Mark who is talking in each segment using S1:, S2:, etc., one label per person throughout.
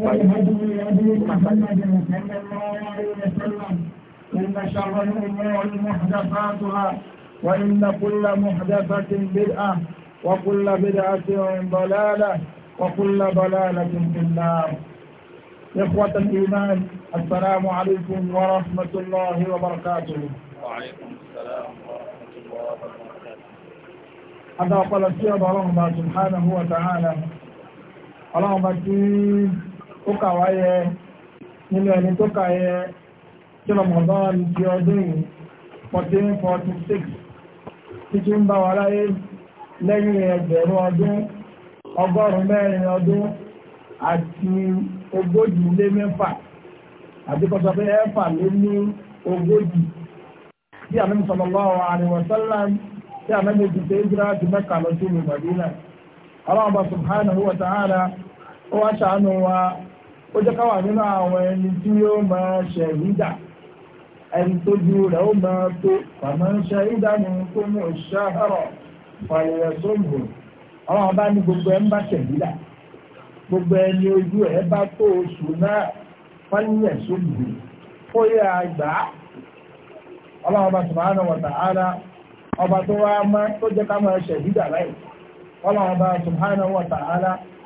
S1: والهدي هدي محمد صلى الله عليه وسلم إن شر الأمور محدثاتها وإن كل محدثة بدعة وكل بدعة ضلالة وكل ضلالة في النار إخوة الإيمان السلام عليكم ورحمة الله وبركاته وعليكم السلام ورحمة الله وبركاته هذا قال السيد الله سبحانه وتعالى الله ó kà wá yẹ nínú ẹni tó kà yẹ tí Ramadan di ọdún yìí fourteen forty six títí ń bá wa láyé lẹ́yìn ẹgbẹ̀rún ọdún ọgọ́rùn-ún mẹ́rin ọdún àti ogójì lé mẹ́fà àti kọ́sọ́ pé ẹ̀fà lé ní ogójì tí àmì sallallahu alaihi wasallam tí àmì ti ṣe é jìrá ti Mẹ́kà lọ sí wa ta'ala. ó wá wa ó jẹ́ káwà nínú àwọn ẹni tí ó máa ṣe ìdá ẹni tó ju rẹ̀ ó ma tó pàmò ṣe ìdá ni kó ní òṣìṣẹ́ pàlẹ̀yẹ sóńgbò ọlọ́run bá ní gbogbo ẹ̀ ń bá gbogbo ẹni ojú ẹ bá tó oṣù náà ó yẹ àgbà bá ọba tó wá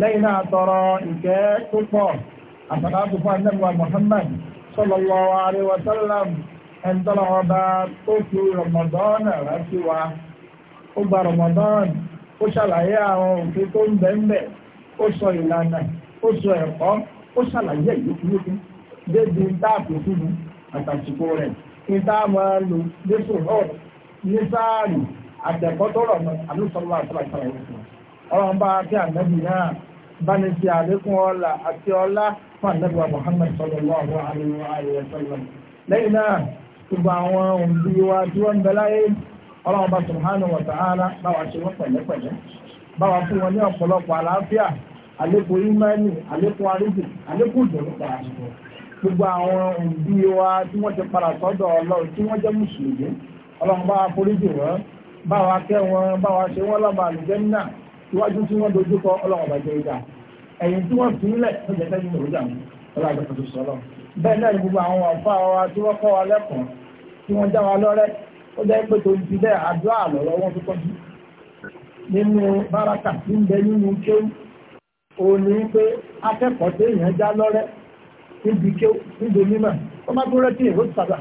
S1: lẹ́yìn náà tọrọ ìkẹ́ púpọ̀ àtàlátù fún anẹ́gbà Muhammad sallallahu alaihi wa ọba tó fi Ramadan rẹ̀ sí wa ó gba Ramadan ó àwọn òfin tó ń bẹ́ńbẹ́ ó sọ ìlànà ó sọ ẹ̀kọ́ ó débi dáàbò fún rẹ̀ máa ní sáàrì àtẹ̀kọ́ tó ọlọ́run bá kí ànábì náà bá ní ti àlékún ọlá àti ọlá fún ànábì wa Muhammad sallallahu alaihi wa sallam lẹ́yìn náà gbogbo àwọn òǹbí wa tí wọ́n ń bẹ láyé ọlọ́run bá subhanahu wa ta'ala báwa ṣe wọ́n pẹ̀lẹ́pẹ̀lẹ́ fún wọn ní ọ̀pọ̀lọpọ̀ àlàáfíà àlékún àlékún àlékún gbogbo àwọn wa tí wọ́n ti padà sọ́dọ̀ ọlọ́run tí wọ́n síwájú tí wọ́n dojú kọ ọlọ́wọ́ bàjẹ́ ìjà ẹ̀yìn tí wọ́n sílẹ̀ tó jẹ́ tẹ́jú òrùjà mú ọlọ́wọ́ àjọ sọ́lọ́ bẹ́ẹ̀ náà ni gbogbo àwọn ọ̀fà wa tí wọ́n kọ́ wa lẹ́kọ̀ọ́ tí wọ́n já wa lọ́rẹ́ ó jẹ́ pé tó ti bẹ́ẹ̀ àjọ àlọ́lọ́ wọn tó tọ́jú nínú báraka tí ń bẹ nínú kéwù òun ni pé akẹ́kọ̀ọ́ tí èèyàn já lọ́rẹ́ níbi kéwù níbi mímọ̀ ó má tó rẹ́tí èrò sábà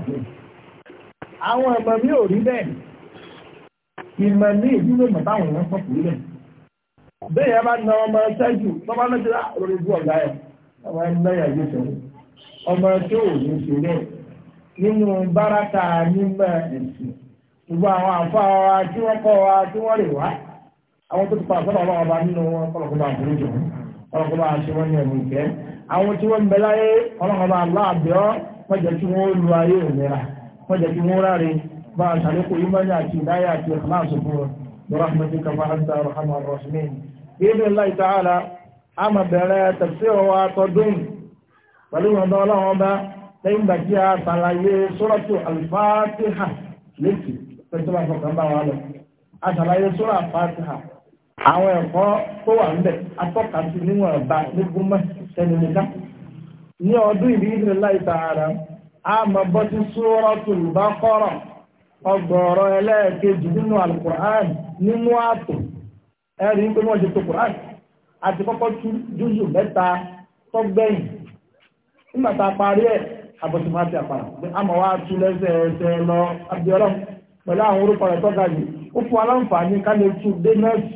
S1: àwọn ọmọ mi ò rí bẹ́ẹ̀ ìmọ̀ ní ìdílé mọ̀ táwọn èèyàn sọ̀kùnrin bẹ́ẹ̀ bẹ́ẹ̀ bá na ọmọ ṣẹ́jù tó bá lọ́jọ́ lórí ojú ọ̀gá ẹ̀ ọmọ ẹgbẹ́ yẹn yóò sọ̀rọ̀ ọmọ tí ò ní ṣeré nínú báràkà nígbà gbogbo àwọn tí wọ́n kọ́ wa tí wọ́n wá àwọn tó ti pa ọlọ́wọ́ bá nínú wọn wọn ní ẹ̀mí ìfẹ́ àwọn tí wọ́n a bi'idhnillahi ta'ala a máa bẹ̀rẹ̀ tafsir wa tọdún pẹ̀lú ìrọ̀dọ́ ọlọ́run ọba lẹ́yìn ìgbà a ṣàlàyé suratu al-Fatiha lẹ́sì pẹ̀lú àwọn bá wa lọ a ṣàlàyé suratu àwọn ẹ̀kọ́ tó wà ń bẹ̀ ọba nígbùmọ̀ tẹnumíkà ní ọdún a bọ́ sí ẹlẹ́ẹ̀kejì nínú ẹ̀rí pé wọ́n ṣe tó àti kọ́kọ́ tú jújù mẹ́ta tọ́gbẹ̀yìn a parí ẹ̀ àbọ̀tìmọ̀ àpàrà pé àmọ̀ wá tú lẹ́sẹ̀ ẹsẹ̀ lọ abiola pẹ̀lú àwọn orúkọ rẹ̀ tọ́ga yìí ó fún aláǹfààní ká ala tú dé nọ́ọ̀sì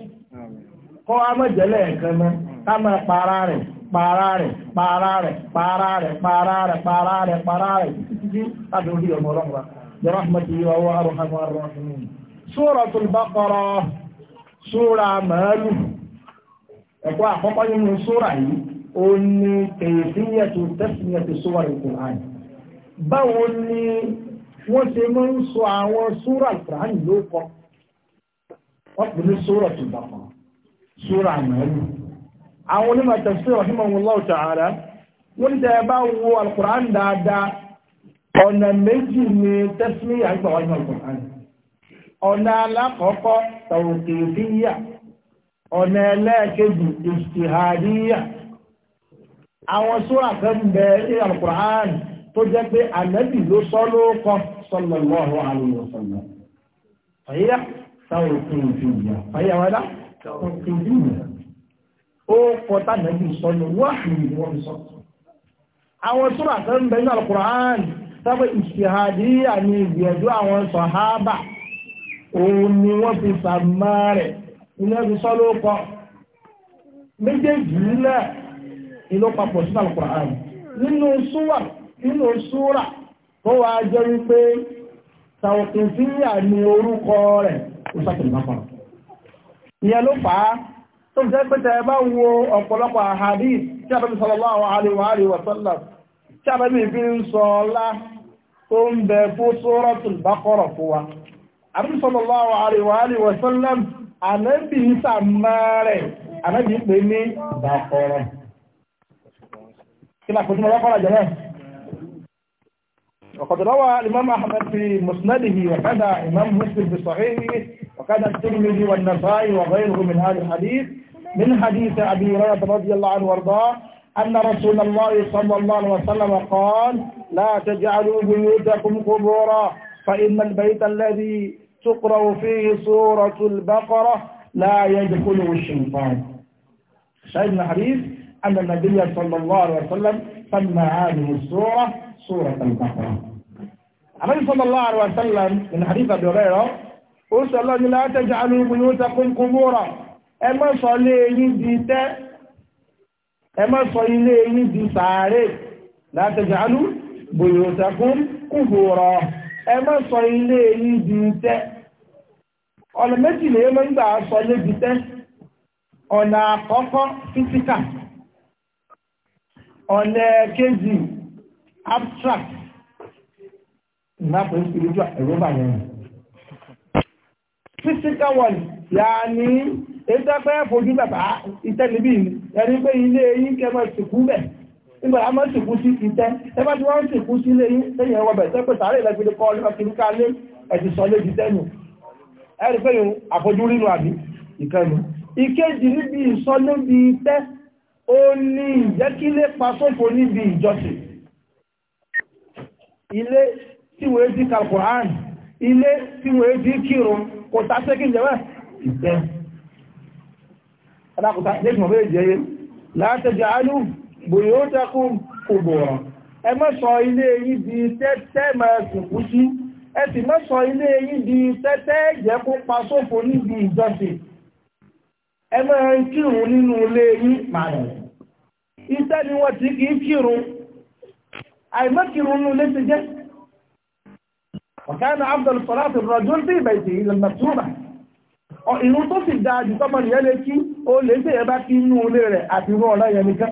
S1: kọ́ amọ̀jẹ́lẹ̀ ẹ̀kan náà ká máa para rẹ̀ para rẹ̀ para rẹ̀ para rẹ̀ para rẹ̀ para rẹ̀ para rẹ̀ títí orí ọmọ ọlọ́run súra màálù ẹ̀kọ́ àkọ́kọ́ nínú súra yìí ó ní kèyèsíyẹ̀tù tẹ́síyẹ̀tù súra Al-Qur'an báwo ni wọ́n ṣe máa ń sọ àwọn súra Al-Qur'an ló kọ́ wọ́n pè ní súra tó bá wọn súra màálù àwọn onímọ̀ tafsir rahimahullah ta'ala wọ́n ti ẹ̀ bá wo Al-Qur'an dáadáa ọ̀nà méjì ni tẹ́síyẹ̀ àgbà wájú Al-Qur'an ọ̀nà alákọ̀ọ́kọ́ tawqifiyya ọ̀nà ẹlẹ́ẹ̀kejì ijtihadiyya àwọn súrà kan bẹ ní alukur'an tó jẹ́ pé ànábì ló sọ lóókọ sallallahu alaihi wasallam fàyà tawqifiyya fàyà wọ́n dá tawqifiyya ó kọ tànábì sọ ní wáhìí ni wọ́n sọ àwọn súrà kan òun ni wọ́n fi sàmà rẹ̀ iná fi sọ́ ló kọ́ méjèèjì náà papọ̀ sí nínú súwà nínú tó jẹ́ wípé sí àmì orúkọ rẹ̀ ìyẹn ló fà á tó alaihi wa sallam tí àbẹ́bí fi ń sọ ọlá tó ń bẹ abin sallallahu alaihi wa alihi wasallam anabi samare anabi pe ni dakoro kila ko tumo dakoro jere وقد روى الإمام أحمد في مسنده وكذا الإمام مسلم في صحيحه وكذا الترمذي والنسائي وغيره من هذا الحديث من حديث أبي هريرة رضي الله عنه وارضاه أن رسول الله صلى الله عليه وسلم قال: لا تجعلوا بيوتكم قبورا فإن البيت الذي تقرأ فيه سورة البقرة لا يدخله الشيطان شاهد حديث أن النبي صلى الله عليه وسلم سمى هذه السورة سورة البقرة النبي صلى الله عليه وسلم من حديث أبي هريرة أرسل الله لا تجعلوا بيوتكم قبورا أما صلي ديت أما صلي دي لا تجعلوا بيوتكم قبورا ẹ má sọ ilé yín di tẹ́ ọ̀nà méjì lè mọ́ nígbà sọ ilé di ọ̀nà àkọ́kọ́ físíkà ọ̀nà kejì abstract ìnáàpọ̀ spiritual ẹ̀rọ yẹn physical one yà ní ètò fojú bàbá ìtẹ́lẹ̀bí pé ilé yín kẹmọ̀ ìsìnkú bẹ́ẹ̀ nígbà a máa sìnkú sí ìtẹ́ ẹgbẹ́ tí wọ́n sìnkú sí ilé yìí tẹ́yìn ẹwọ́ bẹ̀ tẹ́pẹ́ sàárè ìlẹ́gbẹ̀dẹ̀ kọ́ ọlọ́pàá kìí ká lé ẹ̀sì sọ lé ti tẹ́nu ẹ̀rì pé yìí àfojú rínú àbí ìkẹnu ìkéjì níbi ìsọ níbi ìtẹ́ ó ní ìjẹ́kílé pa sófo níbi ìjọsìn ilé tí wọ́n ti ka Quran ilé tí bùyótakùn kùbùrọ̀ ẹ má sọ ilé yìí di tẹ́tẹ́ máa sùnkú sí ẹ sì sọ ilé yìí di tẹ́tẹ́ jẹ́ kó pa sófo níbi ìjọsìn ẹ máa kírun nínú ilé yìí màrẹ̀ iṣẹ́ ni wọ́n ti kì í kírun nínú ilé ti jẹ́ abdul sí ìrún tó sì dáa jù tọ́mọ nìyẹn lè kí lè bá kí inú ilé rẹ̀ àti irú yẹn nìkan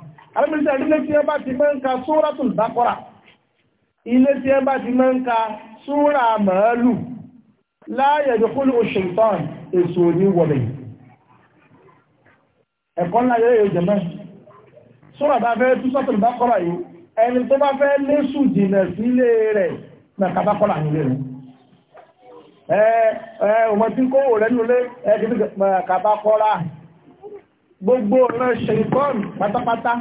S1: alẹ́mìsẹ́ ilé tí ẹ bá ti mọ́ ń ka sóòrátùn bákọ́rà ilé tí ẹ bá ti mọ́ ń ka sóòrà màálù láàyè ìdókòlù òṣèlítàn èso ní wọ̀lẹ̀ ẹ̀kọ́ ńlá yóò yóò jẹ́mẹ́ sóòrà bá fẹ́ tú sọ́tùn bákọ́rà yìí ẹni tó bá fẹ́ lésù jìnà sílé rẹ̀ nàka bákọ́rà nílé rẹ̀ pátápátá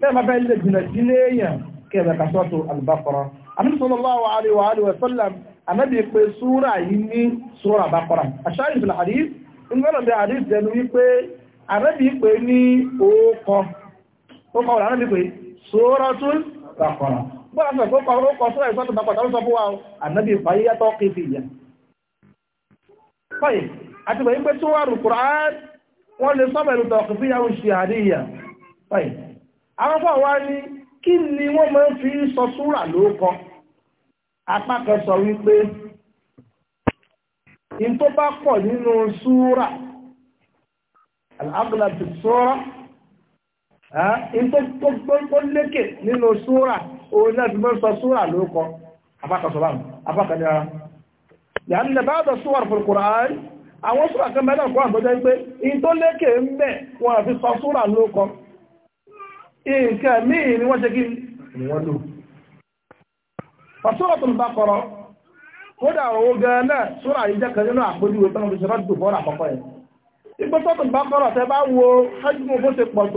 S1: bẹ́ẹ̀ máa bẹ́ẹ̀ lè jìnà sí léèyàn kẹrẹ kàṣọ́tò al-Baqara àmì sallallahu alaihi wa alihi wa sallam ànábì pé súra yìí ní súra Baqara àṣáyìn ìfìlà hadith ìgbọ́nà bẹ hadith dẹnu wípé ànábì pé ní ókọ ó kọ wọn ànábì pé suratul Baqara bọ́lá sọ pé ó kọ ó kọ súra ìfọ́tò lè sọ́bẹ̀lú tọ̀kì fíyàwó ṣe àdéhìyà fàyè àwọn wa ní kí ni wọ́n máa ń fi sọ súrà lóókọ sọ wípé in tó bá pọ̀ nínú súrà alágbàlàtì súrà in tó lékè nínú súrà òun náà fi máa sọ súrà lóókọ apá sọ bá dọ̀ àwọn kan pé in tó lékè ń bẹ̀ nǹkan míì ni wọ́n ṣe kí ni wọ́n lò pàṣọ́rọ̀ tó ń bá kọ́rọ́ kódà owó gan náà sóra yìí jẹ́ kan nínú àpójúwe tó ń fi ṣọ́rọ̀ dùn fọ́nà àkọ́kọ́ yẹn ipò tó tó ń bá kọ́rọ̀ tẹ́ bá wo hajjúmọ̀ bó ṣe pọ̀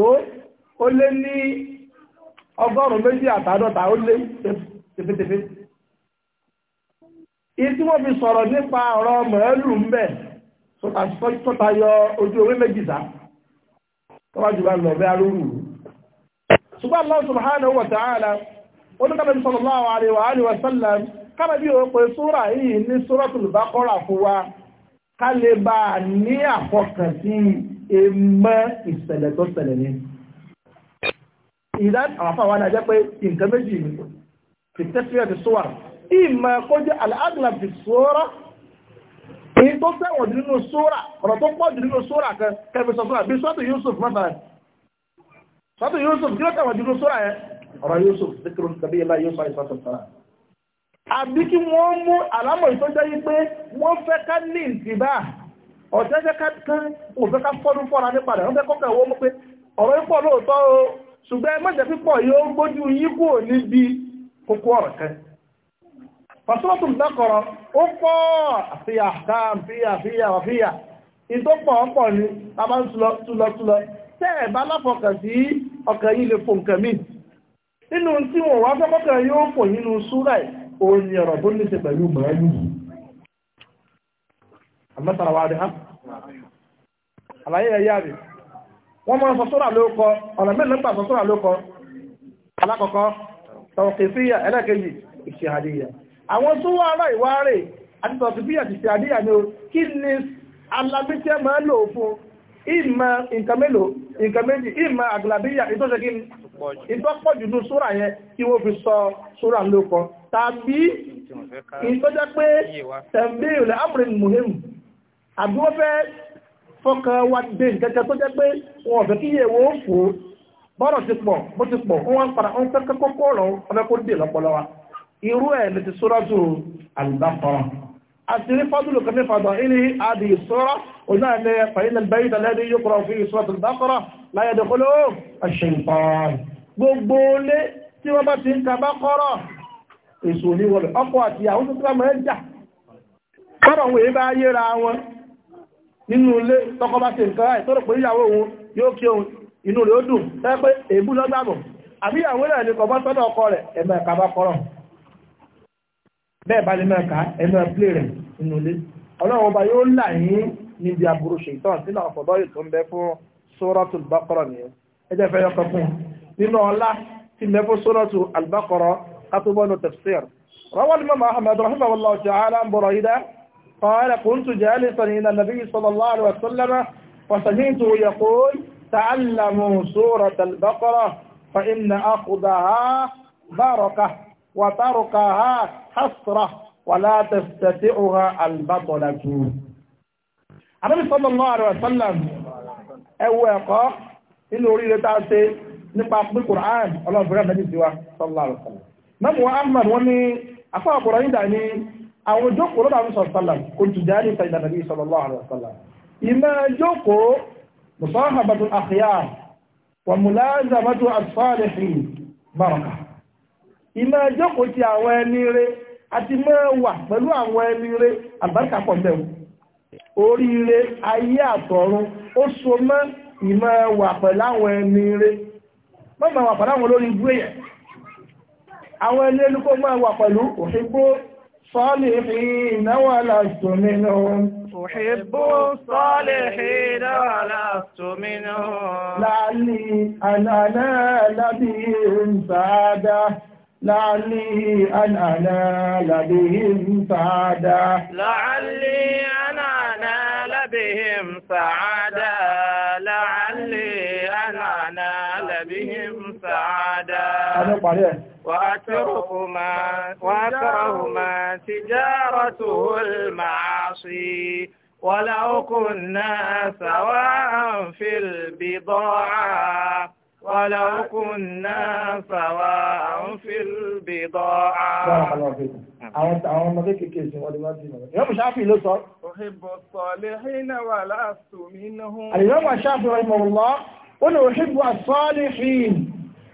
S1: ojú ewé méjì sá lọ bẹ́ arúgbó ṣùgbọ́n Allah subhanahu wa ta'ala olùkàbẹ̀ sallallahu alaihi wa sallam kábẹ̀ bí o pé súra yìí ní súratul Baqara fún wa ká lè bá a ní àfọkànsí ẹmọ ìṣẹ̀lẹ̀ tó ṣẹlẹ̀ ní. ìdá àwọn afáwọn adájẹ́ pé nǹkan méjì ni sọ́tù Yusuf kí ló tàwọn jùlọ sọ́ra ẹ̀ ọ̀rọ̀ Yusuf zikiru tàbí ilá Yusuf àìsàn sára àbí kí wọ́n mú àlámọ̀ ìtọ́jọ́ yí pé wọ́n fẹ́ ká ní ìtìbá ọ̀tẹ́jẹ́ ká kán òfẹ́ ká fọ́dún fọ́ra ní padà wọ́n fẹ́ kọ́kọ́ owó mú pé ọ̀rọ̀ yìí pọ̀ lóòótọ́ o ṣùgbọ́n mọ́jẹ̀ pípọ̀ yóò gbójú yí kú ò ní bí kókó ọ̀rọ̀ kan fàṣọ́tù dákọ̀rọ̀ ó pọ̀ àfihà fíyà fíyà fíyà ìtọ́pọ̀ ọ̀pọ̀ ni a máa ń túlọ tẹ́ẹ̀ bá láfọkàn sí ọkàn yìí lè fò nǹkan míì nínú tí wọ́n wá fọ́kàn yóò fò nínú súrà òun ni ọ̀rọ̀ tó ní ṣe pẹ̀lú màálù àmọ́tara wa rí ha àlàyé ẹ̀yà rí wọ́n mọ́ sọ́sọ́rà ló kọ ọ̀nà mẹ́rin nípa sọ́sọ́rà ló kọ alákọ̀ọ́kọ́ tọ̀kìfíyà ẹlẹ́kẹ̀ẹ́jì ìṣẹ̀hàdíyà àwọn tó wà ará ìwárè àti tọ̀kìfíyà ti ni ó kí ni alábíṣẹ́ máa lò fún ìmọ̀ nǹkan mélòó nǹkan méjì ìmọ̀ àgbàlábíyà ìtọ́sẹ̀ kí ìtọ́pọ̀jù ní súra yẹn tí wọ́n fi sọ súra lókọ tàbí ìtọ́jẹ́ pé tẹ̀m̀bí ilẹ̀ amrin muhim àbí wọ́n fẹ́ fọ́kàn wa dé ìkẹ́kẹ́ tó jẹ́ pé wọ́n fẹ́ kí yẹ̀wò fò bọ́rọ̀ ti pọ̀ para wọ́n fẹ́ kọ́kọ́ rọ̀ wọ́n fẹ́ kó dé lọ́pọ̀lọ́wà irú ẹ̀ lè ti أسري فضل كم فضائله هذه الصورة قلنا فإن البيت الذي يقرأ فيه سورة البقرة لا يدخله الشيطان قبول سورة البقرة ìsòní wọlé ọkọ̀ àti ìyàwó tó tíwàmọ̀ ẹjà kọ́rọ̀ òun èébá yéra wọn nínú ìyàwó òun yóò bẹ́ẹ̀ bá lè máa kà ẹ máa plé rẹ̀ nínú ilé ọlọ́run ọba yóò là yín níbi aburú ṣètàn sínú àfọ̀dọ́ ètò ń bẹ fún Suratul Baqara nìyẹn ẹ jẹ́ fẹ́ yọ kan fún nínú ọlá tí mẹ́ fún Suratul Baqara kátúbọ́nù tafsir روى الإمام أحمد رحمه الله تعالى عن بريدة قال كنت جالسا إلى النبي صلى الله عليه وسلم فسمعته يقول تعلموا سورة البقرة فإن أخذها بركة وتركها حسرة ولا تستطيعها البطلة النبي صلى الله عليه وسلم ẹwọ ẹ̀kọ́ nínú oríire tá a ṣe nípa pé Qur'an ọlọ́ọ̀fẹ́rẹ́ mẹ́rin sí wa sallallahu alaihi wasallam mẹ́mù Ahmad wọ́n ní afọ́ ọ̀pọ̀rọ̀ yìí dà ní àwọn ìjókòó lọ́dà àwọn sallam kò tù jáde ìtàjà nàbí sallallahu alaihi wasallam ìmọ̀ ìjókòó musahabatul akhyar wa mulazamatu as-salihin baraka ìmọ̀ ẹjọ́kòó ti àwọn ẹni rẹ̀ àti mẹ́wà pẹ̀lú àwọn ẹni rẹ̀ àbáríkà pọ̀ bẹ̀rù oríire ayé àtọ̀run ó so mọ́ ìmọ̀ ẹwà pẹ̀lú àwọn ẹni rẹ̀ mọ́mọ́ wà pẹ̀lú àwọn olórin ibú èyàn àwọn ẹni ẹlúkó máa wà pẹ̀lú òṣègbó sọ́ọ̀lì ìnáwó aláṣọmi náà
S2: sọ́ọ̀lì ìnáwó aláṣọmi náà
S1: láàlì àlànà lábí ìrìn sáadáa لعلي أن أنال بهم
S2: سعادة لعلي أن أنال بهم سعادة لعلي أن أنال بهم سعادة إيه؟ وأكرهما وأكرهما تجارته المعاصي ولو كنا سواء في البضاعة ولو كنا سواء في البضاعة بارك الله
S1: فيكم àwọn àwọn ọmọ kéékèèké ìsìn wọn ni wọn ti mọ ìyá mọ ṣáfì ló sọ.
S2: òhìbò sọlẹ́hìnà wà láàtò mínú. àlìyá mọ
S1: ṣáfì wọn mọ lọ ó ní òhìbò sọlẹ́hìn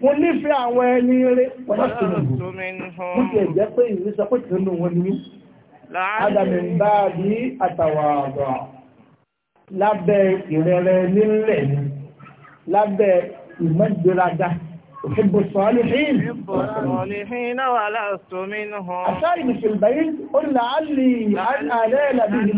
S1: mo nífẹ̀ẹ́ àwọn ẹni rẹ wọn láti mínú. mo ti ẹ̀jẹ̀ pé ìwé sọ pé kì í nù wọn ni mí. ádámù ń bá a bí àtàwà àgbà lábẹ́ ìrẹ̀rẹ̀ nílẹ̀ ni lábẹ́ ìmọ̀ ìgbéraga أحب الصالحين
S2: الصالحين في البيت
S1: قل لعلي أن أنال بهم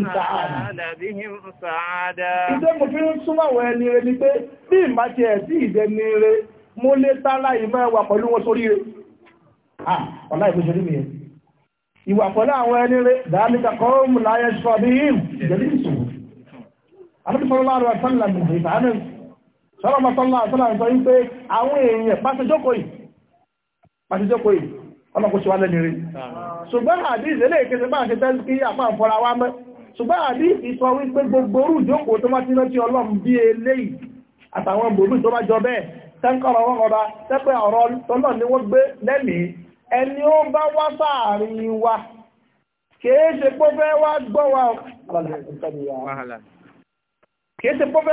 S1: إذا mo fi ń súnmọ́ àwọn ẹni rẹ̀ ni pé bí ìmá ti ẹ̀ sí ìdẹni rẹ̀ mo lè tálá ìmọ̀ ẹwà pẹ̀lú wọn sórí rẹ̀ ọ̀lá ìgbésẹ̀ rí mi ẹ̀ ìwà pẹ̀lú àwọn ẹni rẹ̀ dáadéka kọ́ọ̀mù láyé sọ bí ìjẹ́lì ìṣòro sọ́lọ́mọ́sọ́lá àtọ́lá ń sọ wípé àwọn èèyàn pàṣẹjọ́kọ̀ yìí pàṣẹjọ́kọ̀ yìí ọlọ́kùnṣe wá lẹ́nu rí ṣùgbọ́n àdíṣẹ́ lè kéṣe bá ṣe tẹ́sí kí àpá àfọ́ra wá mẹ́ ṣùgbọ́n àdíṣẹ́ sọ wípé gbogbo orú ìjókòó tó máa ti rántí ọlọ́run bí eléyìí àtàwọn bòmí tó bá ni wọ́n gbé lẹ́mìí ẹni ó bá wá sáàrin wa kìí ṣe pé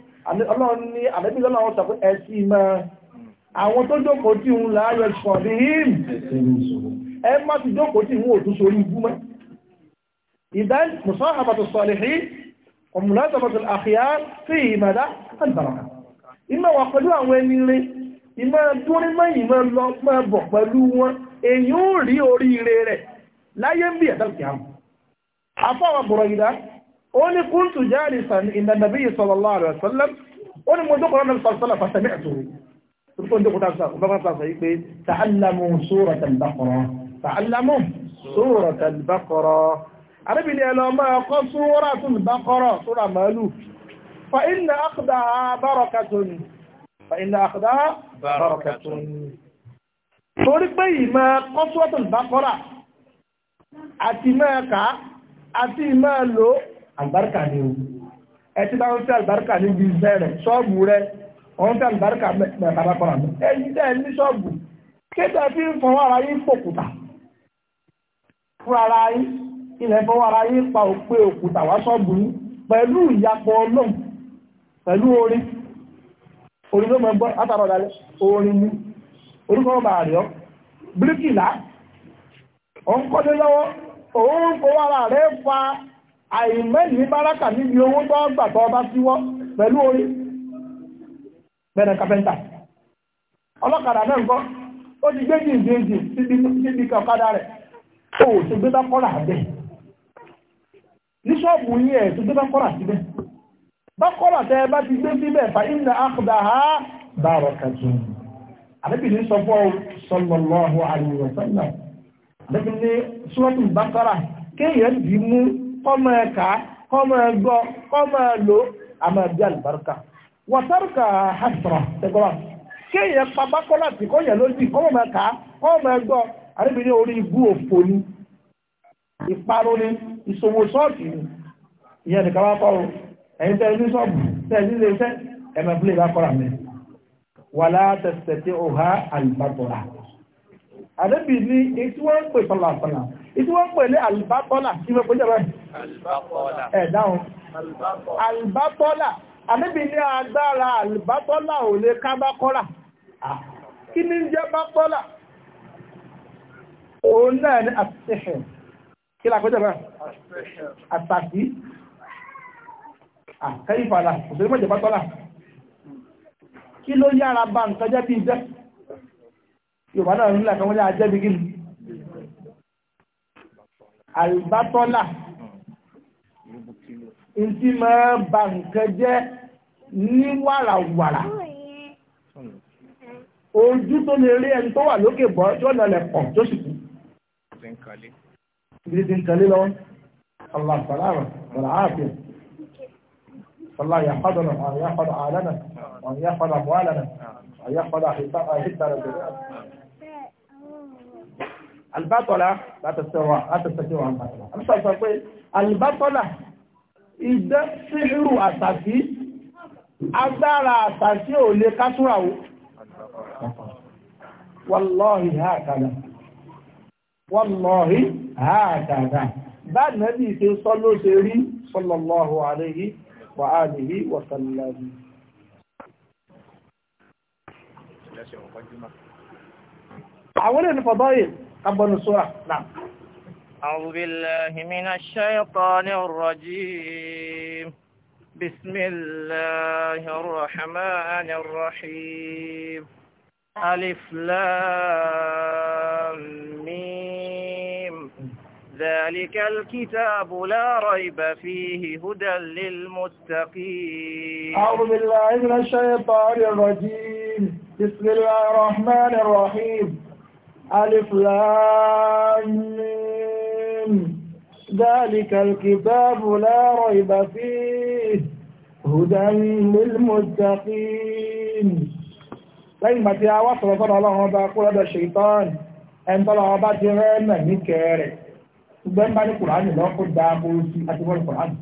S1: ọlọ́run ní àbẹ́bí lọ́lọ́run sọ pé ẹ̀sí mọ́ àwọn tó jókòó tí ń láàárọ̀ sàn ní him ẹ má ti jókòó tí ń wò tún sórí ibú mọ́ ìdá musahabatu salihin ọmọlọ́sọ̀bọ̀tò àfíà sí ìmọ̀dá àgbàràkà ìmọ̀ wà pẹ̀lú àwọn ẹni rí ó ní kúntù jáàrí ìdá nàbí sallallahu alaihi wasallam ó ní mo jókòó lọ́nà sọ̀rọ̀sọ́lá fàṣẹ́mí àtòrí tó tó ń jókòó dáńsà ọba kan sàṣà yìí pé ta'allamu surata al-baqara ta'allamu surata al-baqara arábìnrin ẹ̀lọ́ máa kọ́ surata al-baqara sura màálù fa inna akhdaha barakatun fa inna akhdaha barakatun torí pé ìmọ̀ kọ́ surata al-baqara àti máa kà àti máa lò àlùbáríkà ni o ẹ ti bá ń fẹ́ àlùbáríkà ní ibi iṣẹ́ rẹ̀ ṣọ́ọ̀bù rẹ̀ wọ́n fẹ́ àlùbáríkà mẹ́ta kọ́ra mi ẹ̀yin tẹ́ ẹ ní ṣọ́ọ̀bù kéde fi ń fọwọ́ ara yín pòkúta fún ara yín ilẹ̀ fọwọ́ ara yín pa òpé òkúta wá ṣọ́ọ̀bù yín pẹ̀lú ìyapọ̀ ọlọ́run pẹ̀lú orin orin ló mọ̀ ń gbọ́ látàrọ̀ dalẹ̀ orin ni orúkọ ọba àríọ́ bíríkìlá òun lọ́wọ́ òun fọwọ́ ara rẹ̀ fa àìmẹ́lì ní bárákà níbi owó tó gbà tó bá síwọ́ pẹ̀lú orí bẹ̀rẹ̀ kàfẹ́ntà
S2: ọlọ́kadà náà nǹkan
S1: ó ti gbé jìnjìnjì síbi ọ̀kadà rẹ̀ ó ti gbé bá kọ́rà bẹ̀ ní ṣọ́ọ̀bù yìí ẹ̀ ti gbé bá kọ́rà síbẹ̀ bá kọ́rà tẹ́ bá ti gbé síbẹ̀ fa ìnà àkùdà ha bàrọ̀ kàtù kéèyàn dì mú kọ́mọ ẹ̀ka kọ́mọ ẹ̀gbọ́ kọ́mọ ẹ̀lò àmọ́ ẹ̀bí àlùbáríkà wọ́tárùkà hasra tẹ́gbọ́n kéèyàn pàpà kọ́ láti kọ́yàn lójú kọ́mọ ẹ̀ka kọ́mọ ẹ̀gbọ́ àríbìnrin orí ibú òfò ni ìparun ni ìṣòwò ṣọ́ọ̀tì ni ìyẹn nìkan wá kọ́rùn ẹ̀yin tẹ́ ní ṣọ́ọ̀bù tẹ́ ní ilé iṣẹ́ ẹ̀mẹ̀ fúlẹ̀ bá kọ́ra mi wà látẹ̀sẹ̀ tí ó há àlùbábọ̀rà ìtí wọ́n pẹ̀lú albábọ́là tí wọ́n pẹ̀lú ẹ̀dáhùn albábọ́là àníbi ní agbára albábọ́là ò lè ká bákọ́là kí ní jẹ́ bákọ́là òun náà ní àtìṣẹ́ kí lápẹ́jẹ́ bá àtàkì àkẹ́yìfàlà òṣèré mọ́jẹ̀ bákọ́là kí ló yára bá nǹkan jẹ́ bí jẹ́ yorùbá náà nílẹ̀ kan wọ́n yára jẹ́ bí gíní àlùbátọ́là ntí máa ba nǹkan jẹ́ ní wàràwàrà ojú tó lè rí ẹni tó wà lókè bọ́ tí ó lọlẹ̀ pọ̀ tó sì kú. Ibi ti ń kalé lọ, Allah sàlámà, wàlá ààfin, Allah yà fọ́dọ̀ nà, àwọn yà fọ́dọ̀ àlànà, àwọn yà fọ́dọ̀ àmúhàlànà, àwọn yà fọ́dọ̀ alìbátọ́lá látàṣẹ́wà àmì sọ pé alìbátọ́lá ìdẹ́ sí irú àtàkì agbára àtàkì ò lè kásúràwó wọ́lọ́hì hákàdà wọ́lọ́hì hákàdà bá nẹ́bí ṣe sọ ló ṣe rí sallallahu alayhi wa alihi wa àwọn ènìyàn fọ̀dọ́ yìí قبل الصورة نعم
S2: أعوذ بالله من الشيطان الرجيم بسم الله الرحمن الرحيم ألف لام ميم ذلك الكتاب لا ريب فيه هدى للمتقين
S1: أعوذ بالله من الشيطان الرجيم بسم الله الرحمن الرحيم ألف لام ذلك الكتاب لا ريب فيه هدى للمتقين lẹ́yìn bàtí a wá sọ̀rọ̀ sọ́dọ̀ ọlọ́run ọba kó lọ́dọ̀ ṣèitán ẹni tọ́lọ ọba ti rẹ́ mẹ̀ ní kẹrẹ̀ ṣùgbọ́n ń bá ní kùránì lọ kó da aburú sí àti wọ́n kùránì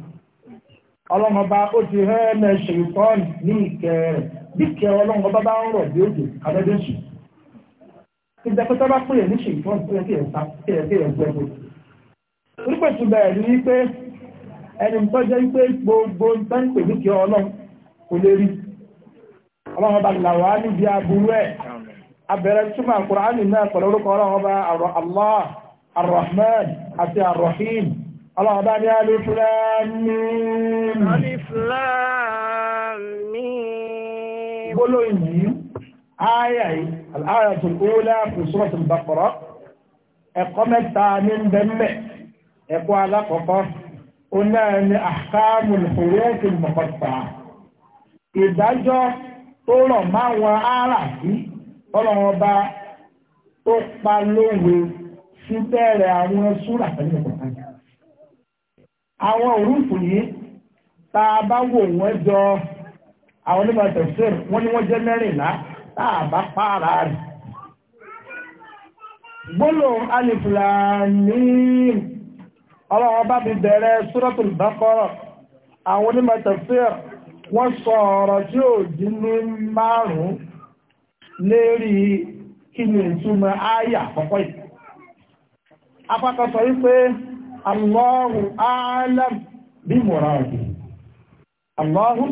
S1: ọlọ́run ọba ó ti rẹ́ mẹ̀ ṣèitán ní ìkẹrẹ̀ bí kẹrẹ̀ ọlọ́run ọba bá ń rọ̀ bí òjò kàdọ́dẹ́sùn ìgbà pé tọ́lá pè é ní ṣèjọ́ tí ẹ̀ tí ẹ̀ tí gbogbo nǹkan pè ní kí ọlọ́run kò ala abẹ̀rẹ̀ túmọ̀ àkùránì náà pẹ̀lú orúkọ ọlọ́run arrahman àti arrahim ááyà yìí àáyà tó kó láàpù sọ́ọ̀tù bàkọ̀rọ̀ ẹ̀kọ́ mẹ́ta ní bẹ́m̀bẹ̀ ẹ̀kọ́ alákọ̀ọ́kọ́ ó náà ní àkáàmù ìfòwéèkì mọ̀kọ̀tà ìdájọ́ tó rọ̀ máwọn áárà sí ọlọ́run ọba tó pa lówe sí bẹ́ẹ̀rẹ̀ àwọn súrà pẹ̀lú ìkọ̀kan. àwọn òrùkù yìí tá a bá wò wọ́n jọ àwọn onímọ̀ tẹ̀síìr wọ́n ní wọ́n jẹ́ mẹ́rìnlá tààbá pààrà rẹ̀ gbólò alìfìlàní ọlọ́wọ́ bá bí bẹ̀rẹ̀ suratul àwọn wọ́n sọ tí ó dí ní márùn-ún lérí kí ni ìtumọ̀ àyà àkọ́kọ́ yìí apákan wípé bí muradihi Allahu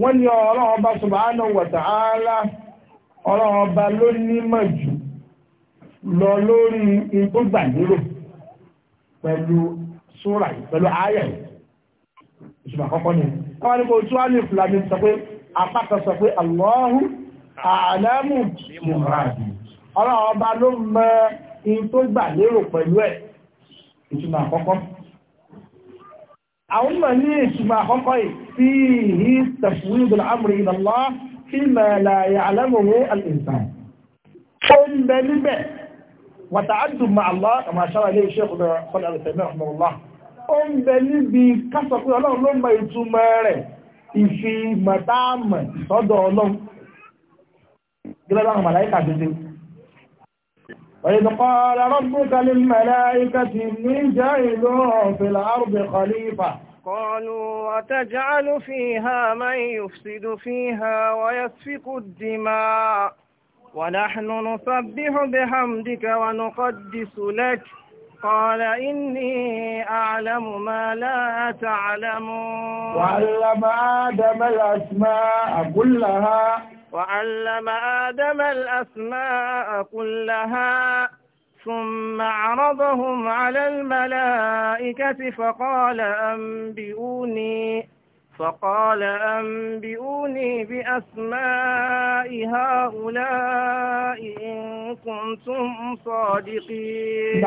S1: wọ́n ní ọlọ́run ọba subhanahu wa ta'ala ọlọ́run ọba ló nímọ̀ jù lọ lórí ipò gbàdúrò pẹ̀lú súra pẹ̀lú ayẹ̀ ìṣùgbà àkọ́kọ́ ni wọ́n ní kò tún wá ní ìfìlàmì sọ pé apákan sọ pé Allahu a'lamu muradi ọlọ́run ọba ló mọ ipò gbàdúrò pẹ̀lú ẹ̀ ìṣùgbà àkọ́kọ́ àwọn mọ̀ ní ìṣùgbà àkọ́kọ́ sí ìhí tafwidul amri ila Allah fima la ya'lamuhu al-insan ó ń bẹ níbẹ̀ wa ta'addub ma'a Allah kama ashara ilayhi Shaykh Saalih Al Uthaymin rahimahullah ó ń bẹ níbi kásọ̀ pé وإذ قال ربك للملائكة إني جاعل في الأرض خليفة
S2: قالوا وتجعل فيها من يفسد فيها ويسفك الدماء ونحن نسبح بحمدك ونقدس لك قال إني أعلم ما لا تعلمون وعلم آدم الأسماء كلها وعلم آدم الأسماء كلها ثم عرضهم على الملائكة فقال أنبئوني فقال أنبئوني بأسماء هؤلاء إن كنتم صادقين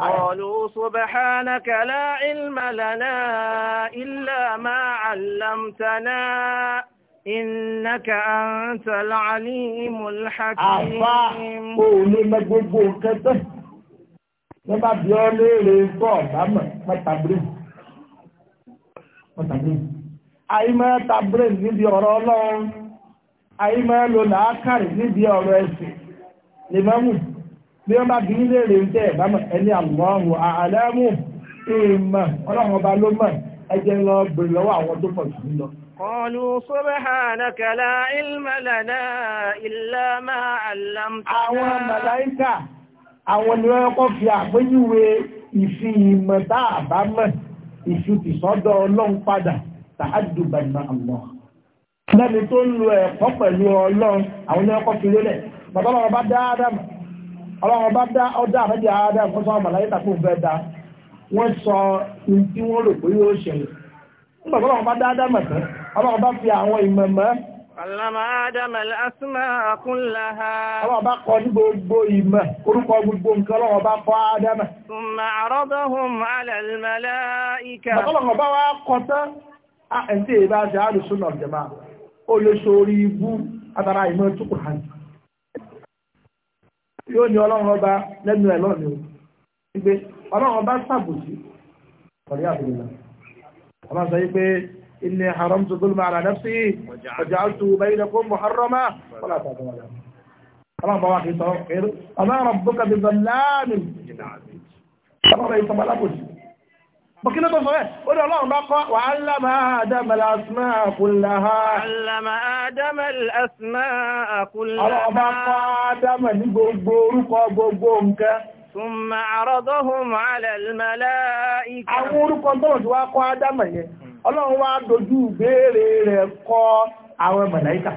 S2: قالوا سبحانك لا علم لنا إلا ما علمتنا Ìnáka àǹtàlá alímul hakim. Àfá
S1: òní mẹ́gbogbo kẹtẹ́. Ní bá bí ọ léèrè fọ́ ọ̀dámọ̀ mẹ́tàbírí. Mẹ́tàbírí. Àìmọ́ tàbírí níbi ọ̀rọ̀ ọlọ́run. Àìmọ́ lò láákàrí níbi ọ̀rọ̀ ẹ̀sìn. Lè Bí wọ́n bá bí ní léèrè ń tẹ́ ẹ̀bámọ̀ ẹni àmọ́hùn àlẹ́mù ìmọ̀ ọlọ́run ọba ló mọ̀ ẹjẹ́ lọ bèrè lọ́wọ́ àwọn tó pọ̀ jù lọ.
S2: قالوا سبحانك لا علم لنا إلا ما علمتنا àwọn màláíkà
S1: àwọn ni wọ́n kọ́ fi àpéjúwe ìfi ìmọ̀ táà bá mọ̀ ìfi ti sọ́dọ̀ ọlọ́run padà tààdùbà ìmọ̀ àwọn lẹ́ni tó ń lo ẹ̀kọ́ pẹ̀lú ọlọ́run àwọn ni fi lélẹ̀ bàbá ọlọ́run bá dá ádámù ọlọ́run bá dá ọdá àmẹ́jẹ ádámù fún sọ́ọ́ màláíkà tó fẹ́ dá wọ́n sọ ohun tí wọ́n rò pé yóò ṣẹlẹ̀ nígbà ọlọ́run bá dá ádámù tán ọlọ́run bá fi àwọn ìmọ̀mọ́
S2: Àlàmà Ádámà l'ásímà kullaha. Ọlọ́run bá
S1: kọ ní gbogbo ìmọ̀, orúkọ gbogbo nǹkan ọlọ́run bá kọ Ádámà. Thumma bá wá kọ tán, àẹ̀sí ìbá ṣe àrùsùn náà ó lè sórí ibú àtàrà ìmọ̀ túkù ọlọ́run ọba lẹ́nu ẹ̀ lọ́nà o. sọ yí pé إني حرمت ظلم على نفسي وجعلته بينكم محرما ولا تأتوا على أمام الله أما ربك بظلام أما ربك بظلام بكنا تصوير قل الله بقى وعلم آدم الأسماء كلها علم
S2: آدم الأسماء كلها الله بقى آدم نبورك وبورك ثم عرضهم على الملائكة أمورك وبورك واقوى آدم ọlọ́run wá dojú ìbéèrè rẹ̀
S1: kọ́ àwọn mọ̀láíkà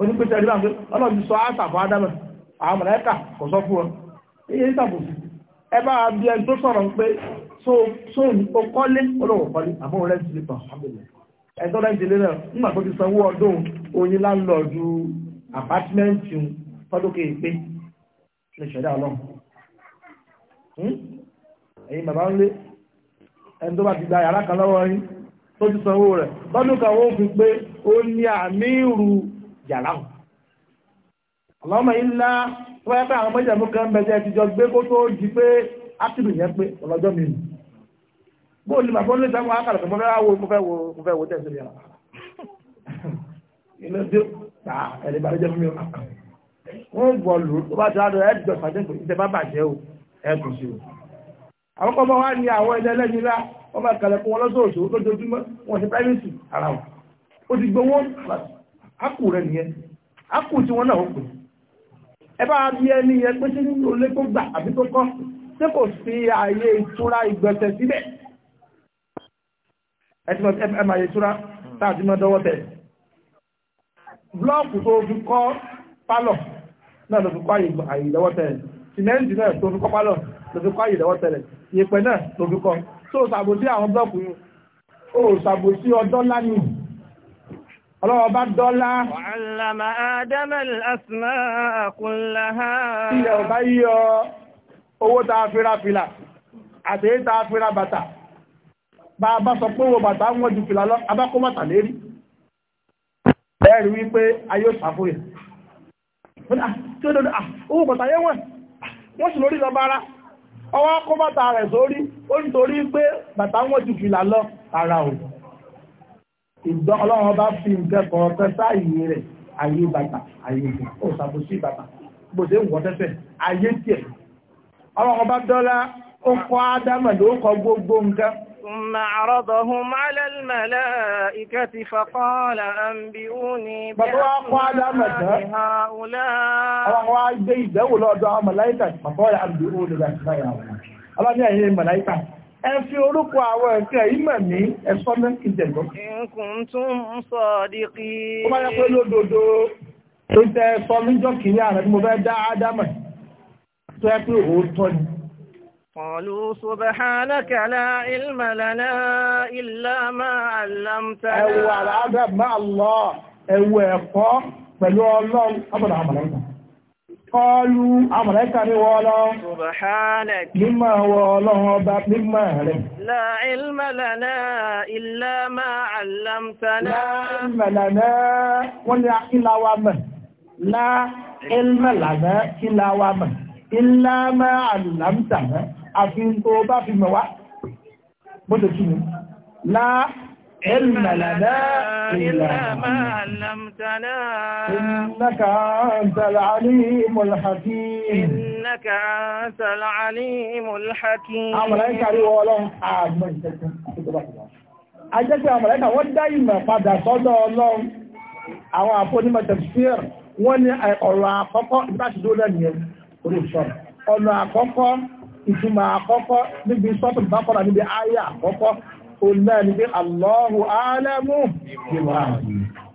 S1: onípẹ́tẹ́ ẹ̀rí láti ọlọ́run sọ áṣà fún ádámẹ̀ àwọn mọ̀láíkà kò sọ fún ọ iye ìtàbùsù ẹ bá bí ẹni tó sọ̀rọ̀ pé so o kọ́lé olówó kọ́lé àmọ́ rẹ̀ ń tilẹ̀ tán ẹ̀tọ́ rẹ̀ ń tilẹ̀ náà nígbà tó ti sanwó ọdún oyin láńlọ́ọ̀dù àpátímẹ́ǹtì tọ́dókè pé lè ṣẹ̀dá ọlọ́run hmm? ẹ̀yin bàbá ń lé ẹni tó bá ti gba yàrá kan lọ́wọ́ yín tó ti sanwó rẹ̀ lọ́dún kan ó fi pé ó ní àmì ìrù yàrá hù ọlọ́mọ ilá tó bá yẹ pé àwọn méjèèmú kan bẹ̀jẹ̀ ti jọ gbé kó tó di pé átìlù yẹn pé ọlọ́jọ́ mi nù bóòlù màbọ́n lè sáwọn akàlẹ̀ tó mọ́fẹ́ fẹ́ àwọn kọ́ bá wá ní àwọn ẹ̀dẹ́ lẹ́nilá wọ́n máa kàlẹ̀kùn wọn lọ́sọ̀ọ̀sọ̀ lójoojúmọ́ wọn ṣe privacy ara wọn ó ti gbowó ápù rẹ̀ nìyẹn ápù tí wọ́n náà ó pè ẹ bá bí ẹni yẹn pé sí nínú ilé tó gbà àbí tó kọ́ tí kò sí ààyè ìtura ìgbọ̀nsẹ̀ síbẹ̀ ẹ ti mọ ẹ máa yẹ ìtura tá a ti mọ dọwọ́ tẹ̀ blọọkù tó fi kọ́ pálọ̀ náà ló fi kọ́ àyè ìdọwọ́ tẹ̀ sìmẹ́ǹtì náà tó fi kọ́ pálọ̀ ló fi kọ́ ìdẹ̀wọ́
S2: ọlọ́wọ́ bá dọ́lá wàhálàmà àdámẹ́lì asìmá àkúnláhá ilẹ̀ ọ̀bá yíyọ owó ta fíra fìlà àti
S1: ta fíra bàtà bá a bá sọ pé owó bàtà wọ́n ju fìlà lọ abákó bàtà lérí bẹ́ẹ̀rí wípé ayé ọwọ́ kó bàtà rẹ̀ sórí ó nítorí pé bàtà wọn ju fìlà lọ ara ò ìgbọ́n ọlọ́run bá fi nǹkan kan ọ̀kan sáàyè rẹ̀ ayé bàtà ayé ìgbà ó ṣàbòsí bàtà bó ṣe ń wọ́ tẹ́tẹ́ ayé tiẹ̀ ọlọ́run bá dọ́lá ó kọ́ ádámẹ̀ ló kọ gbogbo nǹkan
S2: ثم عرضهم على الملائكة فقال أنبئوني بأسماء هؤلاء
S1: Ẹ fi orúkọ àwọn ẹ̀kẹ́ ìmọ̀ ní ẹ̀sọ́ ní ìjẹ̀gbọ́.
S2: Nǹkan tún ń sọ díkí. Ó bá yẹ pé
S1: lódodo tó tẹ́ ẹ̀sọ́ níjọ́ kìí ààrẹ tí mo fẹ́ dá Ádámà tó ẹ́ pé òótọ́ ni.
S2: قالوا سبحانك لا علم لنا إلا ما علمتنا هو
S1: العذاب مع الله هو يقف فلو الله أبدا عملك قالوا عملك ولا سبحانك مما هو الله باب مما
S2: لا علم لنا إلا ما علمتنا لا علم
S1: لنا ولا إلا وما لا علم لنا إلا وما إلا ما علمتنا àti tó bá fi mọ̀ wá bọ́dọ̀ kí ni láà ẹ̀lùmọ̀làdá
S2: ìlàmọ̀làmtàlá
S1: ìnnaka àǹtàlàálìmọ̀lá hakim
S2: ìnnaka àǹtàlàálìmọ̀lá hakim àwọn ẹ̀kà rí ọlọ́run
S1: àgbọ̀n ìtẹ́kùn àwọn àpọ́nímọ̀ tafsir wọ́n ní ọ̀rọ̀ àkọ́kọ́ ìbáṣìdó lẹ́nìyàn orí ìṣọ́rọ̀ ọ̀nà àkọ́kọ́ ìtumọ̀ àkọ́kọ́ níbi sọ́tùn bákọ́rà níbi ayé àkọ́kọ́ olẹ́ ní pé Allahu alamu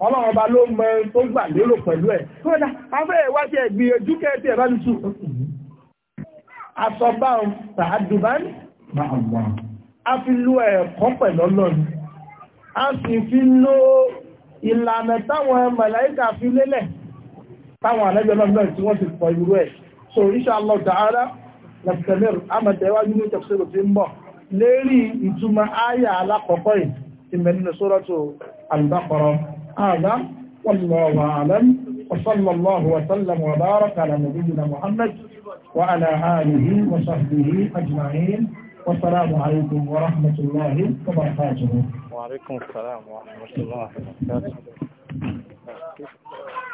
S1: ọlọ́run ọba ló mọ tó gbà lérò pẹ̀lú ẹ̀ tó ẹ̀dá afẹ́ ìwájú ẹ̀gbìyànjú kẹ́ẹ̀tì ẹ̀bá ní sùn asọ́bá tààdùbán a ìlànà táwọn màláíkà fi lélẹ̀ táwọn àlẹ́jọ́ náà tí wọ́n ti pọ̀ irú ẹ̀ so insha Allah lẹ́tẹ̀mẹ́r amẹ́tẹ̀wájú ní tafsir tí ń bọ̀ lérí ìtumọ̀ ayà alákọ̀ọ́kọ́ yìí ti mẹ́rin suratu al-Baqara ààbá wallahu a'lam wa sallallahu wa sallam Muhammad wa ala alihi